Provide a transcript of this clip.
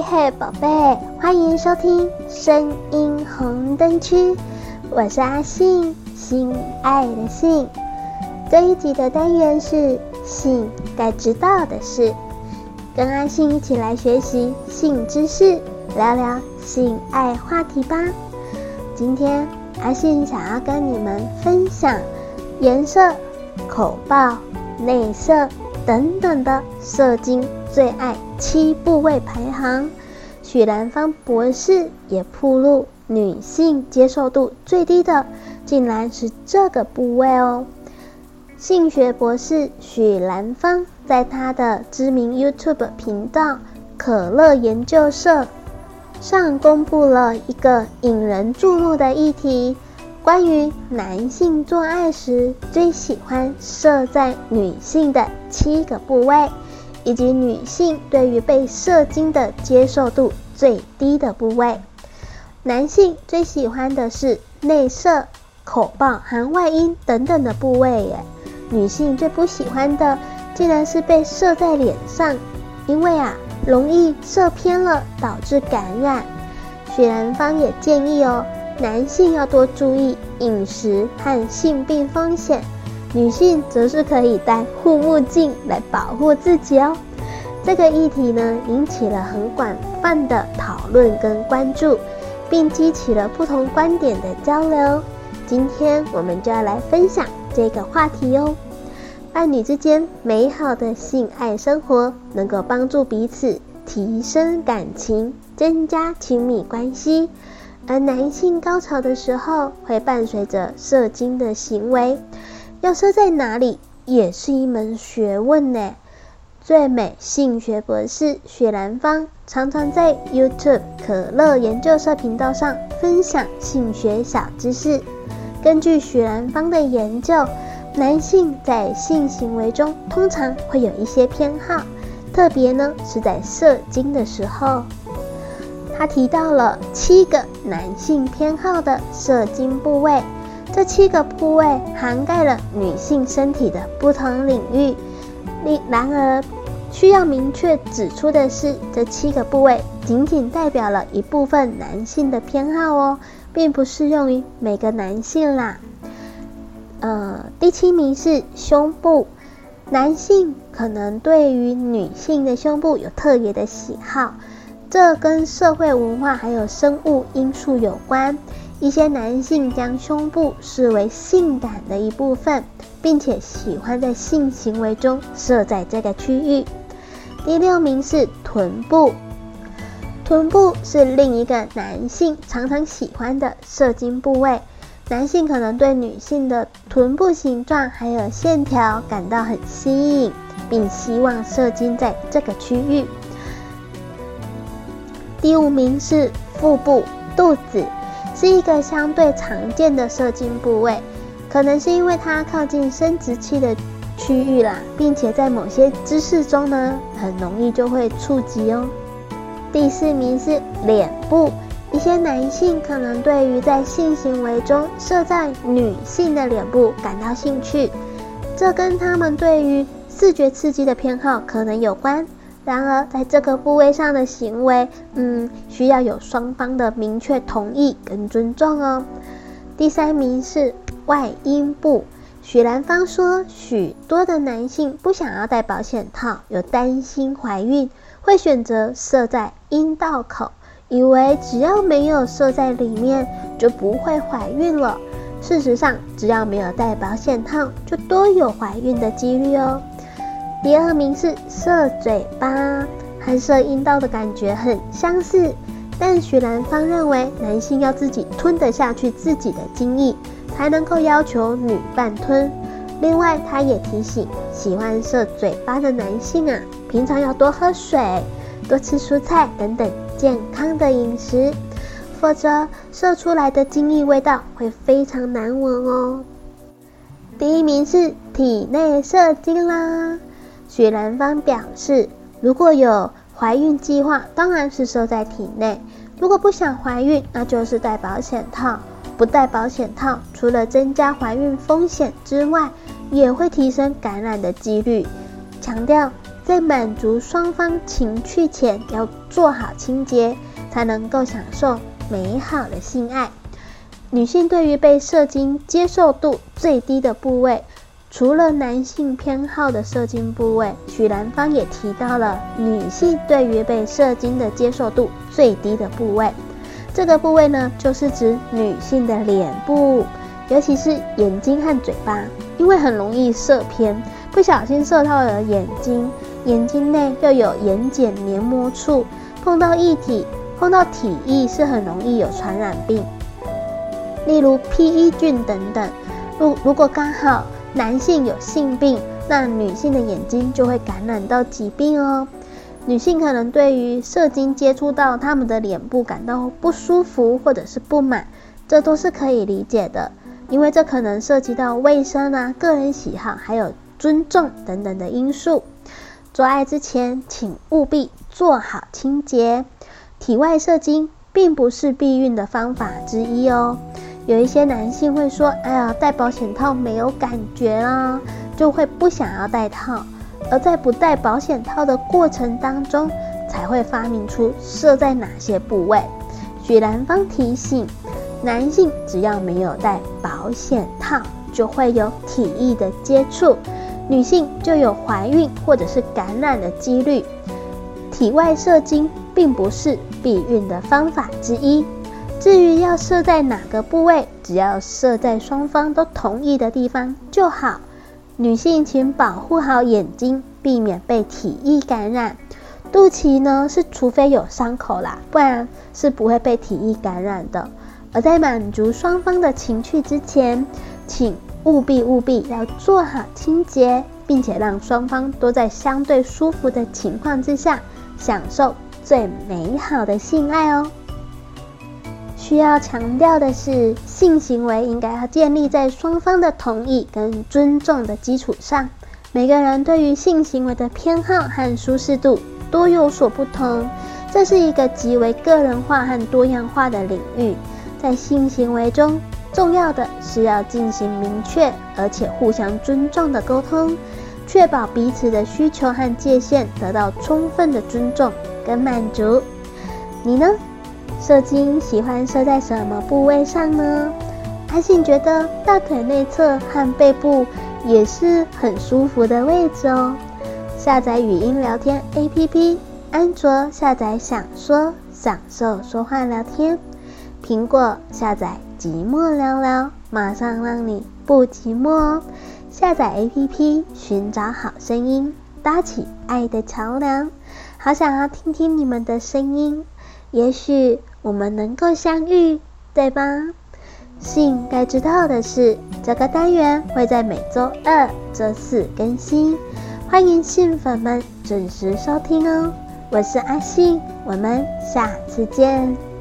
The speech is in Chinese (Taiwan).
嘿、hey, 嘿、hey，寶貝，歡迎收聽《聲音紅燈區》，我是阿性，性愛的性。這一集的單元是性該知道的事，跟阿性一起來學習性知識，聊聊性愛話題吧。今天阿性想要跟你們分享顏色、口爆、內射等等的射精，最愛七部位排行，許蘭芳博士也鋪路女性接受度最低的竟然，是這個部位哦。性學博士許蘭芳在他的知名 YouTube 頻道“可樂研究社”上公布了一個引人注目的議題，關於男性做愛時最喜歡射在女性的七個部位。以及女性對於被射精的接受度最低的部位。男性最喜歡的是內射、口爆含外陰等等的部位耶。女性最不喜歡的竟然是被射在臉上，因為啊容易射偏了導致感染。許藍方也建議哦，男性要多注意飲食和性病風險。女性則是可以戴護目鏡來保護自己哦。這個議題呢引起了很廣泛的討論跟關注，並激起了不同觀點的交流。今天我們就要來分享這個話題哦。伴侶之間美好的性愛生活能夠幫助彼此提升感情，增加親密關係。而男性高潮的時候會伴隨着射精的行為。要射在哪裡也是一門學問呢。最美性學博士許藍方常常在 YouTube 可樂研究社頻道上分享性學小知識。根據許藍方的研究，男性在性行為中通常會有一些偏好特別，特別呢是在射精的時候。她提到了七個男性偏好的射精部位。這七個部位涵蓋了女性身體的不同領域。你，然而，需要明確指出的是，這七個部位僅僅代表了一部分男性的偏好哦，並不適用於每個男性啦。呃，第七名是胸部，男性可能對於女性的胸部有特別的喜好，這跟社會文化還有生物因素有關。一些男性將胸部視為性感的一部分，並且喜歡在性行為中射在這個區域。第六名是臀部，臀部是另一個男性常常喜歡的射精部位。男性可能對女性的臀部形狀還有線條感到很吸引，並希望射精在這個區域。第五名是腹部，肚子。是一個相對常見的射精部位，可能是因為它靠近生殖器的區域啦，並且在某些姿勢中呢，很容易就會觸及哦。第四名是臉部，一些男性可能對於在性行為中射在女性的臉部感到興趣，這跟他們對於視覺刺激的偏好可能有關。然而，在這個部位上的行為，嗯，需要有雙方的明確同意跟尊重哦。第三名是外陰部，許藍方說，許多的男性不想要戴保險套，有擔心懷孕，會選擇射在陰道口，以為只要沒有射在裡面就不會懷孕了。事實上，只要沒有戴保險套，就都有懷孕的幾率哦。第二名是射嘴巴，和射陰道的感覺很相似，但許藍方認為男性要自己吞得下去自己的精液，才能夠要求女伴吞。另外，她也提醒喜歡射嘴巴的男性啊，平常要多喝水、多吃蔬菜等等健康的飲食，否則射出來的精液味道會非常難聞哦。第一名是體內射精啦。許藍方表示，如果有懷孕計劃，當然是射在體內；如果不想懷孕，那就是戴保險套。不戴保險套，除了增加懷孕風險之外，也會提升感染的幾率。強調，在滿足雙方情趣前，要做好清潔，才能夠享受美好的性愛。女性對於被射精接受度最低的部位。除了男性偏好的射精部位，許藍方也提到了女性對於被射精的接受度最低的部位。這個部位呢，就是指女性的臉部，尤其是眼睛和嘴巴，因為很容易射偏，不小心射到了眼睛，眼睛內又有眼瞼黏膜處，碰到異體，碰到體液是很容易有傳染病，例如 PE 菌等等。如如果剛好男性有性病，那女性的眼睛就會感染到疾病哦。女性可能對於射精接觸到她們的臉部感到不舒服或者是不滿，這都是可以理解的，因為這可能涉及到衛生啊、個人喜好、還有尊重等等的因素。做愛之前，請務必做好清潔。體外射精並不是避孕的方法之一哦。有一些男性會說：“哎呀，戴保險套沒有感覺啊，就會不想要戴套。”而在不戴保險套的過程當中，才會發明出射在哪些部位。許藍方提醒：男性只要沒有戴保險套，就會有體液的接觸，女性就有懷孕或者是感染的幾率。體外射精並不是避孕的方法之一。至於要射在哪個部位，只要射在雙方都同意的地方就好。女性請保護好眼睛，避免被體液感染。肚臍呢是，除非有傷口啦，不然是不會被體液感染的。而在滿足雙方的情趣之前，請務必務必要做好清潔，並且讓雙方都在相對舒服的情況之下，享受最美好的性愛哦。需要強調的是，性行為應該要建立在雙方的同意跟尊重的基礎上。每個人對於性行為的偏好和舒適度都有所不同，這是一個極為個人化和多樣化的領域。在性行為中，重要的是要進行明確而且互相尊重的溝通，確保彼此的需求和界限得到充分的尊重跟滿足。你呢？射精喜歡射在什麼部位上呢？阿性覺得大腿內側和背部也是很舒服的位置哦。下載語音聊天 APP，安卓下載“享說”享受說話聊天，蘋果下載“寂寞聊聊”，馬上讓你不寂寞哦。下載 APP 尋找好聲音，搭起愛的橋梁。好想要聽聽你們的聲音，也許。我們能夠相遇，對吧？性該知道的事，這個單元會在每周二、周四更新，歡迎性粉們準時收聽哦。我是阿性，我們下次見。